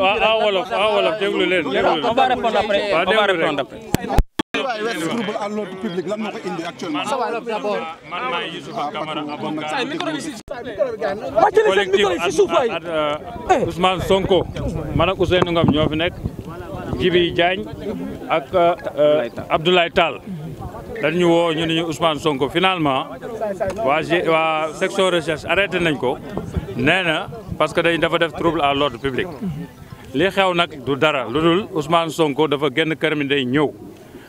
en wolof en wolof déglu leen déglu. on va répondre après ah, on va répondre après. à l'ordre public lan moo ko indi actuellement. man maa Youssoupha Camara avocat. collectif ak Ousmane Sonko. man ak Ousseynou Ngom ñoo fi nekk. Djibi Diagne ak euh, Abdoulaye Tall. dañ ñu woo ñu ne ñu Ousmane Sonko finalement waa G waa section recherche arrêté nañ ko nee na parce que dañ dafa def trouble à l'ordre public. li xew nag du dara lu dul Ousmane Sonko dafa genn këram day ñëw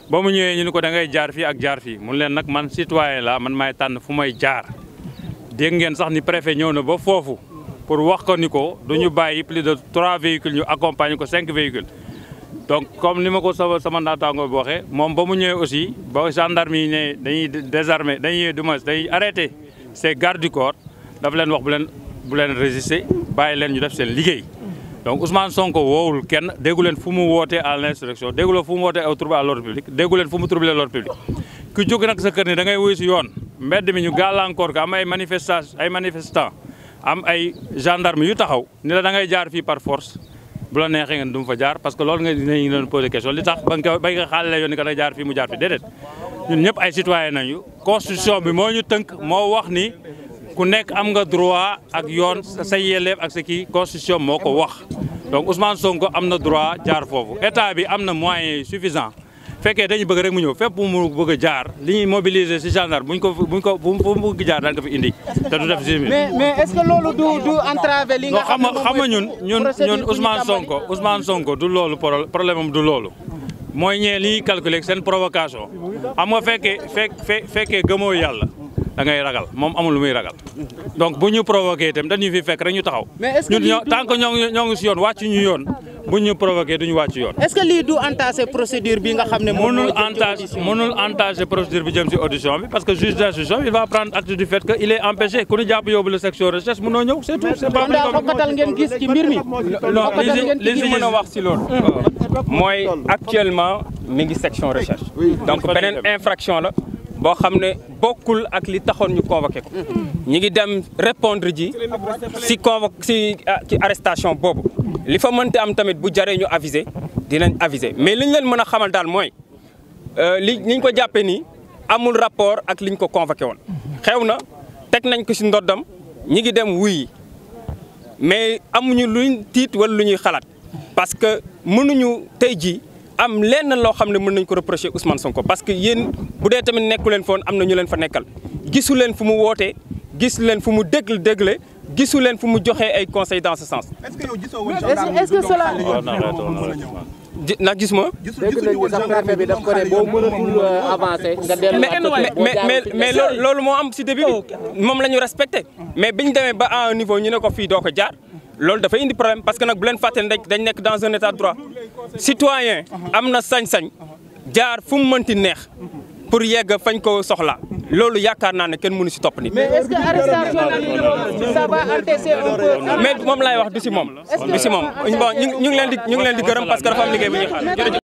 ba mu ñëwee ñu ni ko da ngay jaar fii ak jaar fii mun leen nag man citoyen la man maay tànn fu may jaar dégg ngeen sax ni préfet ñëw na ba foofu pour wax ko ni ko du ñu bàyyi plus de trois véhicules ñu accompagner ko cinq véhicules donc comme ni ma ko sama sama naataango bi waxee moom ba mu ñëwee aussi ba gendarme yi ne dañuy désarmer dañuy du moins dañuy arrêter ces gardes dafa leen wax bu leen bu leen résister bàyyi leen ñu def seen liggéey donc Ousmane Sonko woowul kenn déggu leen fu mu wootee à l' insurrection déggu leen fu mu wootee au trouble à l' ordre public fu mu trouble à l' ordre public ku nag sa kër ni da ngay yoon mbedd mi ñu gàllankoor ko am ay manifestant am ay gendarme yu taxaw ni la da ngay jaar fii par force bu la neexee ngeen du mu fa jaar parce que loolu nga dinañ leen posé question li tax ba nga bay nga yoon ni da jaar fii mu jaar fi déedéet ñun ñëpp moo ñu ku nekk am nga droit ak yoon sa yelleef ak sa kii constitution moo ko wax donc Ousmane Sonko am na droit jaar foofu état bi am na moyens suffisant fekkee dañu bëgg rek mu ñëw fépp bu mu bëgg jaar li ñuy mobiliser si gendarme buñ ko buñ ko bu mu bëgg jaar daan fi indi te du def si mi mais est-ce loolu du entraver li nga xam nga ñun ñun ñun Ousmane Sonko Ousmane Sonko du loolu problème am du loolu mooy ñee li ñuy calculer seen provocation xam nga fekkee fekk fekkee gëmoo yàlla da ngay ragal moom amul lu muy ragal donc bu ñu provoqué itam dañu fi fekk rek ñu taxaw. ñun ñoo tant que ñoo ngi si yoon wàcc ñu yoon bu ñu provoqué duñu wàcc yoon. est-ce que lii du entaché procédure bi nga xam ne. mënul entaché mënul entaché bi jëm si audition bi parce que juge d'instruction il va prendre acte du fait que il est empêché ku ñu jàpp yóbbu section recherche mënoo ñëw c'est tout. c'est pas daal ngeen gis ci mbir mi. non li si li si a wax si loolu. mooy actuellement mi ngi section recherche. donc beneen la. boo xam ne bokkul ak li taxoon ñu convoqué ko ñi ngi dem répondre ji si convo si ah, ci arrestation boobu li fa mënti am tamit bu jaree ñu aviser dinañ aviser mais liñ ñu leen mën a xamal daal mooy euh, li niñ ko jàppee nii amul rapport ak liñ ko convoqué woon xew na teg nañ ko si ndoddam ñi ngi dem wuyi mais amuñu luñ tiit wala lu ñuy xalaat parce que mënuñu tey jii am lenn loo xam ne mën nañ ko reprocher Ousmane ko parce que yéen bu dee tamit nekku leen foon am na ñu leen fa nekkal gisu leen fu mu wootee gis leen fu mu déglu dégle gisu leen fu mu joxee ay conseils dans ce sens. est-ce que yow gisoo gis ma. bi daf ko ne boo mënatul euh, avancer nga mais mais loolu moo am si début oh, moom la ñu respecté mais biñ demee ba à un niveau ñu ne ko fii doo ko jaar. loolu dafa indi problème parce que nag bu leen fàtte ne dañ nekk dans un état de droit citoyen am na sañ-sañ jaar fu mu mënti neex pour yegg fañ ko soxla loolu yaakaar naa ne kenn mënu si topp nit. mais est-ce que moom laay wax du si moom. du si moom bon ñu leen di gërëm parce que dafa am liggéey bu ñuy